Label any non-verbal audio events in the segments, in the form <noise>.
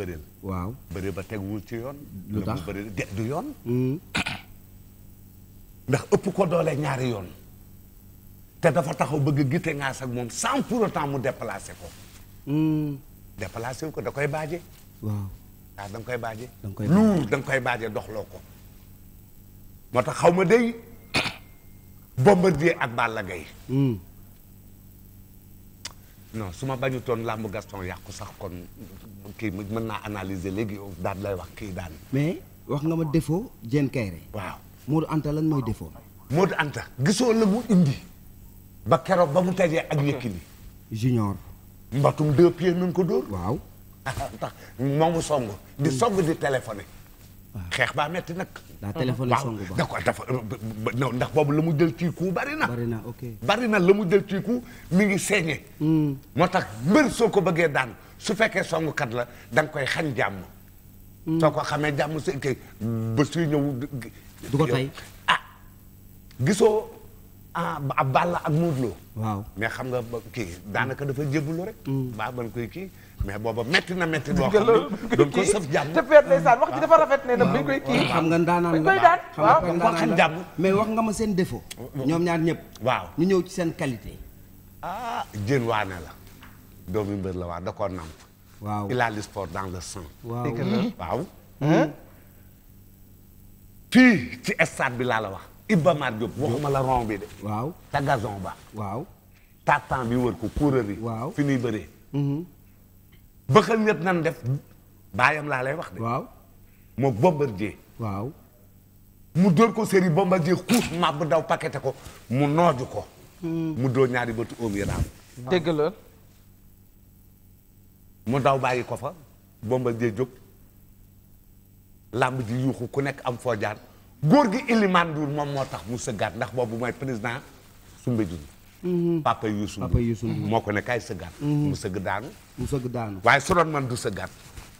bëreel. waaw bëri ba teguwul ci yoon. lu tax bëri de du yoon. Mm. ndax ëpp ko doole ñaari yoon. te dafa taxaw bëgg gite ngaas ak moom sans pour autant mu déplacé ko. Mm. déplacé wu ko da koy baaje. waaw waaw ah, da koy baaje. da nga koy luur da koy baaje doxloo ko. moo tax xaw ma day <coughs> Bombardier ak Balla Gaye mm. non su ma bañutoon làmbu Gaston yàqu sax kon kii mën naa analyser léegi daal lay wax kii daan. mais wax nga ma défaut Diène Kairé. waaw Modou Anta lan mooy défaut. Modou Anta gisoo la mu indi. ba keroog ba mu tajee ak Yékini. junior. mbatum deux pieds nañ ko dóor. waaw. tax <laughs> moomu song. di mm. song di téléphoné. xeex baa metti nag. daa téléphoné songu ba dafa ndax boobu la mu jël ci ku bari na. na ok bari na la mu jël ci mu ngi saigné. Mm. moo tax mbër soo ko bëggee daan su fekkee songukat la danga koy xañ jàmm. Mm. soo ko xamee jàmm si kay ba suy ñëw. du ko tey ah gisoo ah la ak Modou Lo. waaw mais xam nga kii daanaka dafa jébbalu rek. Mm. baa ban koy kii. mais booba métti na métti boo xam ko saf jàmm wax ji dafa rafet ne nag dañ koy kii xam nga ndaanaan nga koy daan mais wax nga ma seen défaut ñoom ñaar ñëpp waaw ñu ñëw ci seen qualité ah jën waane la doomu mbër la waa da koo namp waaw il a sport dans le sang waaw fii ci stade bi laa la wax Iba Mar Diop waxuma la rond de waaw ta gazon ba waaw tatan bi wër ko coureur waaw fi ñuy bëree mhm. bëxal ñett nan def baayam laa lay wax de. waaw moo bombardier. waaw. mu dóor ko séri bombardier xuus màbb daw pakkete ko mu nooju ko. Hmm. mu dóor ñaari bëtu oom yi raam. dégg la. mu daw bàyyi ko fa bombardier jóg làmb ji yuuxu ku nekk am foo jaar góor gi Iliman Ndour moom moo tax mu sëggaat ndax boobu mooy président Soumbédioune Mm-hmm. papa Youssou papa Youssou moo ko ne kaay sëggaat. Mm-hmm. mu sëgg daanu. mu sëgg daanu waaye su doon man du sëggaat.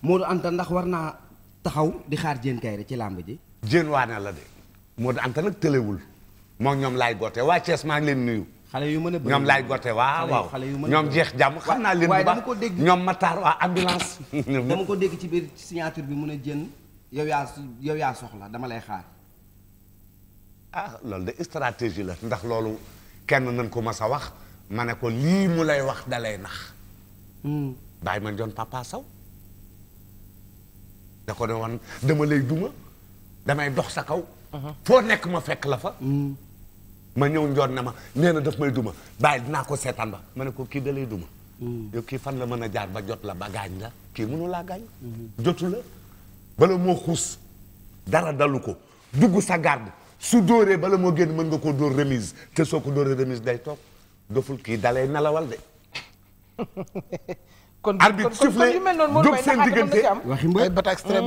Modou Anta ndax war naa taxaw di xaar Diène rek ci làmb ji. Diène waane la de Modou Anta nag tëlewul moo ñoom laay goote waa Thiès maa ngi leen nuyu. xale yu mën a ñoom laay gote waaw waaw ñoom jeex jàmm xam naa leen bu baax ñoom Matar waa ambulance. <laughs> dama ko dégg ci biir signature bi mën a jën yow yaa yow yaa soxla dama lay xaar. ah loolu de stratégie la ndax loolu. kenn nan ko ma sa wax ma ne ko lii mu lay wax dalay nax hmm. bàyyi man doon papa saw da ko ne woon dama lay duma damay dox sa kaw uh-huh. foo nekk ma fekk la fa hmm. ma ñëw njoon ne ma nee daf may duma bàyyi dinaa ko seetaan ba ma ne ko kii da lay duma hmm. yow kii fan la mën a jaar ba jot la ba gaañ la kii mënu laa gaañ jotu la bala moo xuus dara dalu ko dugg sa garde su dóoree la moo génn mën nga koo dóor remise te soo ko dóoree remise day toog doful kii dalay nalawal de. <laughs> kon arbitre sifflé jóg seen diggante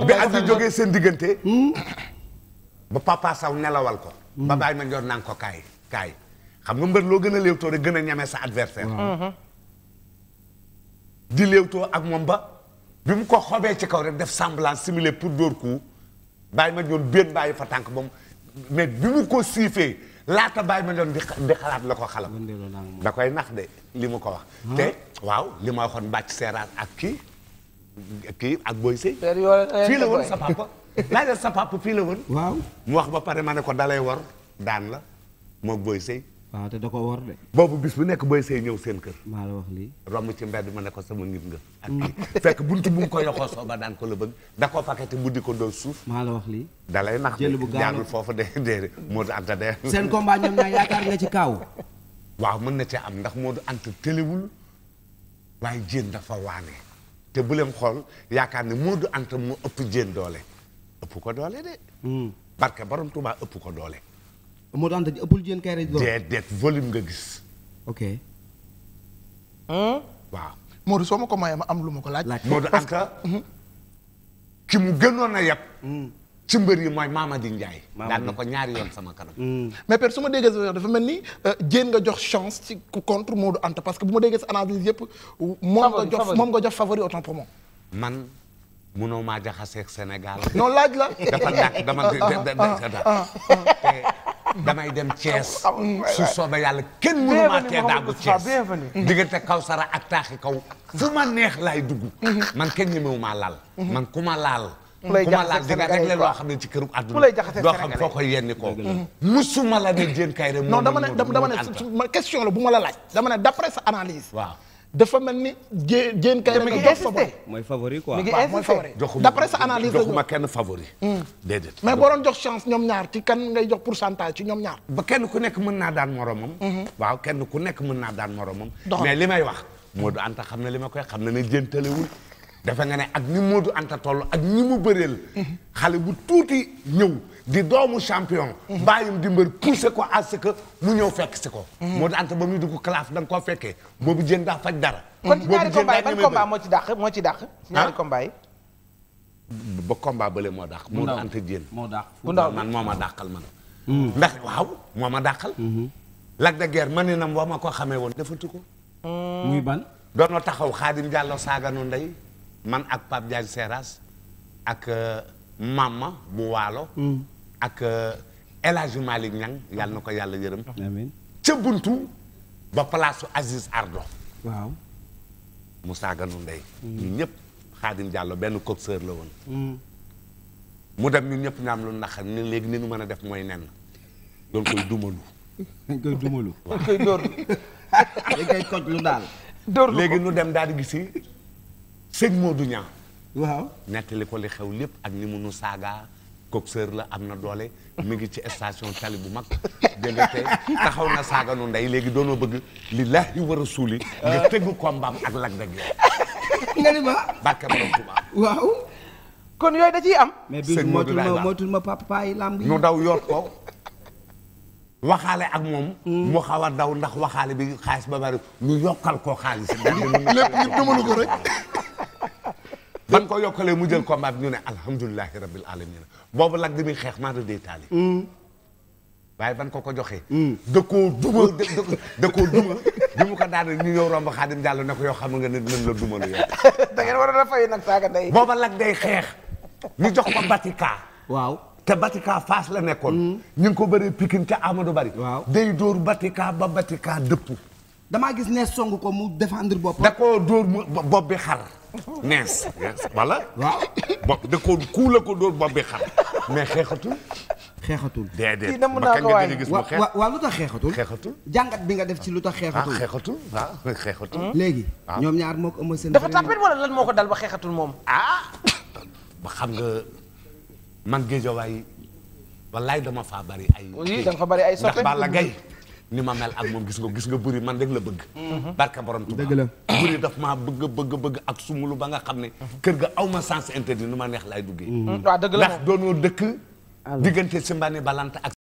bi arbitre jógee seen diggante. Hmm. ba papa saw nelawal ko. Hmm. ba bàyyi ma njoor nang ko kaay kaay xam nga mbër loo gën a léewtoo rek gën a ñeme sa adversaire. Hmm. di léewtoo ak moom ba bi mu ko xobee ci kaw rek def semblant simulé pour dóor ku bàyyi ma njoor benn bàyyi fa tànk moom. mais bi mu ko suufee laata baay ma doon di xalaat la ko xalam da koy nax de li ko wax ah. te waaw li ma waxoon bàcc seeraat ak kii kii ak booy sëy eh, fii la woon sa papa laajal sa fii la woon waaw mu wax ba pare ma ne ko dalay war daan la moo booy sëy waaw te da ko war de. boobu bis bu nekk booy sëy ñëw seen kër. maa la wax lii. romb ci mbedd ma ne ko sama nit nga. Mm. ak <laughs> kii fekk buntu bu mu ko yoxoo sooba daan ko la bëgg. da koo pakete buddi ko doon suuf. maa la wax lii. da lay nax de jaarul foofu de moo Modou Anta de. <laughs> seen combat kaaw. waaw mën na cee am ndax Modou Anta tëlewul waaye jéen dafa waane. te bu leen xool yaakaar ne Modou Anta moo ëpp jéen doole. ëpp ko doole de. Mm. barke borom Tuubaa ëpp ko doole. moo daan dañu ëppul jën kay rek. déedéet volume nga gis. ok. waaw Modou soo ma ko mayee ma am lu ma ko laaj. laaj Modou Anta. Mhm. ki mu gënoon a yab. Mm. ci mbër yi mooy Mamadi Ndiaye. daal na ko ñaari yoon sama kanam. Mm. mais père su ma déggee sa dafa mel ni jéen euh, nga jox chance ci contre Modou Anta parce que bu ma déggee sa analyse yëpp. moom nga jox moom nga jox favori autant pour moi. man munoo maa jaxaseeg Sénégal. non laaj la. dafa nàkk dama. Ah, ah, ah, damay dem Thiès su soobee yàlla kenn mënu maa tee daagu Thiès diggante Kawsara ak taaxi kaw fu ma neex laay dugg mhm. man kenn ñemewu maa laal mhm. man ku ma laal ku ma laal di nga régler loo xam ne ci këru àdduna doo xam foo koy yenni ko mhm. musuma la ne Diène Kaïré non dama ne dama ne bu ma la laaj dama ne d'après sa analyse waaw dafa mel ni jé jéen kay mi ngi jox favori mooy favori quoi mooy favori d'après sa analyse joxuma kenn favori hmm. déedéet mais boo doon jox chance ñoom ñaar ti kan ngay jox pourcentage ci ñoom ñaar ba kenn ku nekk mën naa daan moromam hmm. waaw kenn ku nekk mën naa daan moromam mais li may wax Modou Anta xam na li ma koy xam na ne jéntalewul dafa nga ne ak ni Modou Anta toll ak ñi mu bëreel hmm. xale bu tuuti ñëw di doomu champion. mbaayum di mbër ko à que mu ñëw fekk si ko. Mhm. moo tax Anta ba muy dugg classe danga koo fekkee boobu jën daa faj dara. kon ci ñaari combat yi ban combat moo ci dàq moo ci dàq. ci ah? ñaari combat yi. ba combat moo dàq. moo dàq Anta Diène moo dàq ndaw man moo ma dàqal man. Mhm. ndax waaw moo ma dàqal. Mhm. Lac man nam wa ma ko xamee woon defatu ko. Mm. muy ban. doon taxaw Xaadim Diallo saaganu ndey man ak Pape Diagne Seras ak euh, Mama bu waalo. ak euh, El Hadji Malick Niang yàlla na ko yàlla yërëm. amiin ca Buntu ba palaasu Aziz Ardo. waaw. Moussa Ganou Ndeye. Mm. ñun ñëpp Khadim Diallo benn coxeur la woon. Mm. mu dem ñun ñëpp ñaam lu nax ni léegi ni nu mën a def mooy nen. doon koy dumalu. dañ koy dumalu. <laughs> waaw koy door dañ koy koj lu daal. léegi nu dem daal di gisi sëñ Modou Niang. waaw nettali ko li xew lépp ak ni mu nu saagaa. coxeur la am na doole mu ngi ci estation tali bu mag dégg nga tey taxaw na saaganu ndey léegi doonoo bëgg li laahi wa rasuuli nga tëgg kombaam ak Lac de Guiers nga ni ma barke borom Tuubaa waaw kon yooyu da am mais bi mootul ma mootul ma papa yi lamb yi daw yoot ko waxaale ak moom hmm. mu xaw a daw ndax waxaale bi xaalis ba bari ñu yokkal koo xaalis <laughs> lépp ñu dumalu ko rek ban ko yokkalee mu jël combat bi ñu ne alhamdulilahi rabbil alamin boobu lak di muy xeex maa doon dee waaye ban ko ko joxee hmm. da koo duma da ko daane ñu ñëw romb xaadim jàll ko yoo xam nga ne dinañ la duma lu <laughs> da ngeen war a dafay nag saaga day booba lak day xeex jox ko batika waaw te batika faas la nekkoon hmm. ñu ngi ko bëree pikin ca amadou bari waaw day dóor batika ba batika dëpp damaa gis ne song ko mu défendre boppam da koo dóor bopp bi xar nees. wala waaw bopp da ko ku la ko dóor bopp bi xam mais xeexatu xeexatul déedéet ba kañ nga gis mu xeex waaw lu tax xeexatul. jàngat bi nga def ci lu tax xeexatul. ah xeexatul waaw ah, xeexatul. Mm-hmm. léegi ah. ñoom ñaar moo ko seen. dafa tàppet wala lan ko dal ba xeexatul moom. Ah! ba xam nga man géejawaay wallaay dama faa bari ay. da nga fa bari ay soppe ndax Balla Gaye ni ma mel ak moom gis nga gis nga buri man rek la bëgg mhm. barka borom Tuubaa dëgg buri daf maa bëgg bëgg ak sumulu ba nga xam ne mhm. kër ga aw ma sens interdit nu ma neex laay duggee mhm. waaw dëgg la ndax doonoo dëkk diggante Simbani Balanta ak